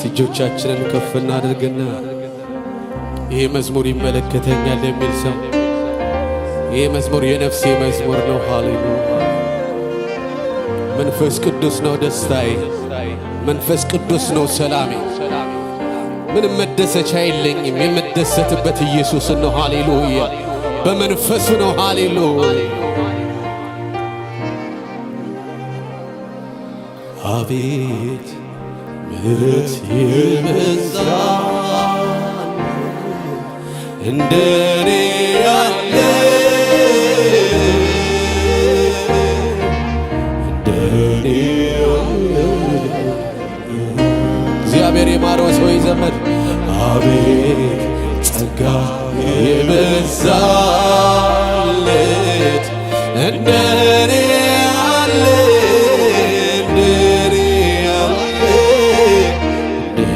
እስቲ እጆቻችንን ከፍ እናድርግና ይሄ መዝሙር ይመለከተኛል የሚል ሰው ይሄ መዝሙር የነፍሴ መዝሙር ነው። ሃሌሉያ! መንፈስ ቅዱስ ነው ደስታዬ፣ መንፈስ ቅዱስ ነው ሰላሜ። ምንም መደሰቻ የለኝም፣ የመደሰትበት ኢየሱስ ነው። ሃሌሉያ! በመንፈሱ ነው። ሃሌሉያ! አቤት ምሕረት የበዛል እንደኔ ያለ እንደኔ ያለ እግዚአብሔር የማረው ሰው ዘመድ አቤት ጸጋ የበዛለት እንደ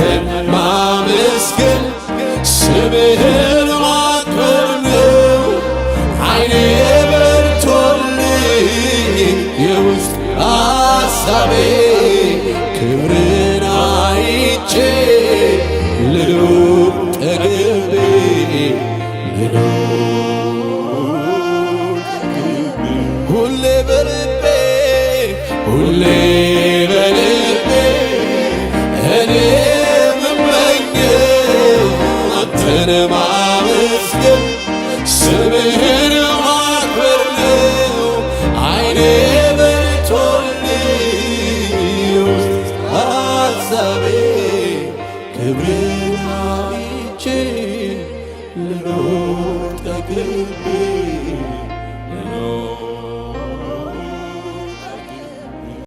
አንተን ማመስገን ስምህን ማክበር ነው። ዓይኔ በርቶልኝ የውስጥ አሳቤ ክብርን አይቼ ልሉም ጠግቤ ሁሌ በልቤ ሁሌ ስምህን ማመስገን ስምህን ማክበር ነው አይኔ በርቶልኝ ውስጥ ክብርን አግኝቼ ልኖር ጠግቤ